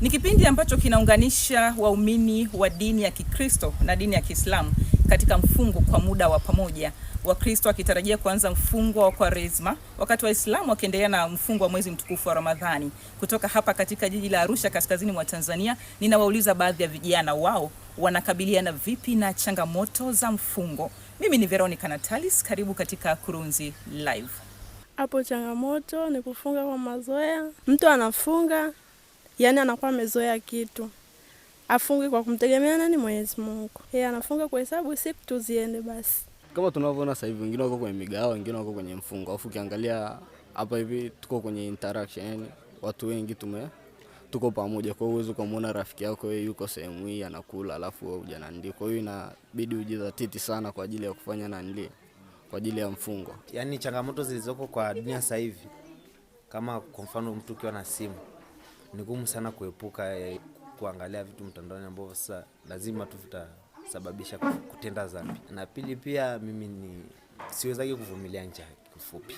Ni kipindi ambacho kinaunganisha waumini wa dini ya Kikristo na dini ya Kiislamu katika mfungo kwa muda wa pamoja, Wakristo wakitarajia kuanza mfungo wa Kwaresma, wakati Waislamu wakiendelea na mfungo wa mwezi mtukufu wa Ramadhani. Kutoka hapa katika jiji la Arusha, kaskazini mwa Tanzania, ninawauliza baadhi ya vijana wao wanakabiliana vipi na changamoto za mfungo. Mimi ni Veronica Natalis, karibu katika Kurunzi Live. Hapo changamoto ni kufunga kwa mazoea, mtu anafunga yani anakuwa amezoea kitu. Afunge kwa kumtegemea nani? Mwenyezi Mungu. Yeye anafunga kwa hesabu siku tu ziende basi. Kama tunavyoona sasa hivi wengine wako kwenye migao wengine wako kwenye mfungo. Alafu ukiangalia hapa hivi tuko kwenye interaction, yani watu wengi tume tuko pamoja, kwa hiyo huwezi ukamwona rafiki yako yeye yuko sehemu hii anakula, alafu wewe uja Kwa hiyo inabidi ujizatiti sana kwa ajili ya kufanya nanili, kwa ajili ya mfungo. yaani changamoto zilizoko kwa dunia sasa hivi, kama kwa mfano mtu ukiwa na simu ni gumu sana kuepuka eh, kuangalia vitu mtandaoni ambavyo sasa lazima tu vitasababisha kutenda zambi. Na pili pia mimi ni siwezaki kuvumilia njaa kifupi.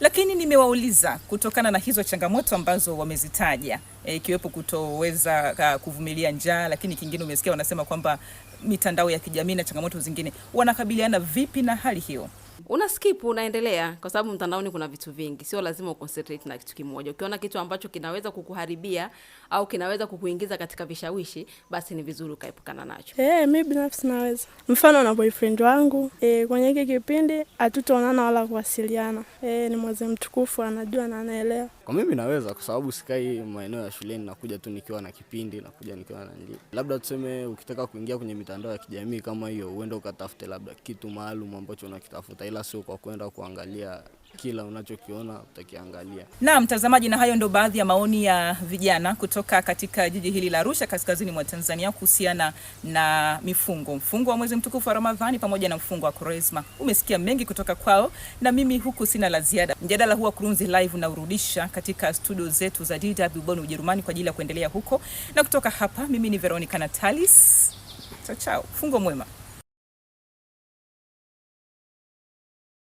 Lakini nimewauliza kutokana na hizo changamoto ambazo wamezitaja eh, ikiwepo e, kutoweza kuvumilia njaa, lakini kingine umesikia wanasema kwamba mitandao ya kijamii na changamoto zingine, wanakabiliana vipi na hali hiyo? una skip unaendelea, kwa sababu mtandaoni kuna vitu vingi, sio lazima uconcentrate na kitu kimoja. Ukiona kitu ambacho kinaweza kukuharibia au kinaweza kukuingiza katika vishawishi, basi ni vizuri ukaepukana nacho. Hey, eh, mi binafsi naweza mfano na boyfriend wangu e, kwenye hiki kipindi hatutaonana wala kuwasiliana. E, ni mwaze mtukufu, anajua na anaelewa. Kwa mimi naweza, kwa sababu sikai maeneo ya shuleni, nakuja tu nikiwa na kipindi, nakuja nikiwa na njia. Labda tuseme ukitaka kuingia kwenye mitandao ya kijamii kama hiyo, uende ukatafute labda kitu maalum ambacho unakitafuta ila kila siku kwa kwenda kuangalia kila unachokiona utakiangalia. Na mtazamaji, na hayo ndo baadhi ya maoni ya vijana kutoka katika jiji hili la Arusha kaskazini mwa Tanzania kuhusiana na mifungo, mfungo wa mwezi mtukufu wa Ramadhani pamoja na mfungo wa Kwaresma. Umesikia mengi kutoka kwao, na mimi huku sina la ziada. Mjadala huu wa Kurunzi Live unaurudisha katika studio zetu za DW Bonn, Ujerumani kwa ajili ya kuendelea huko, na kutoka hapa mimi ni Veronica Natalis. Chao chao, fungo mwema.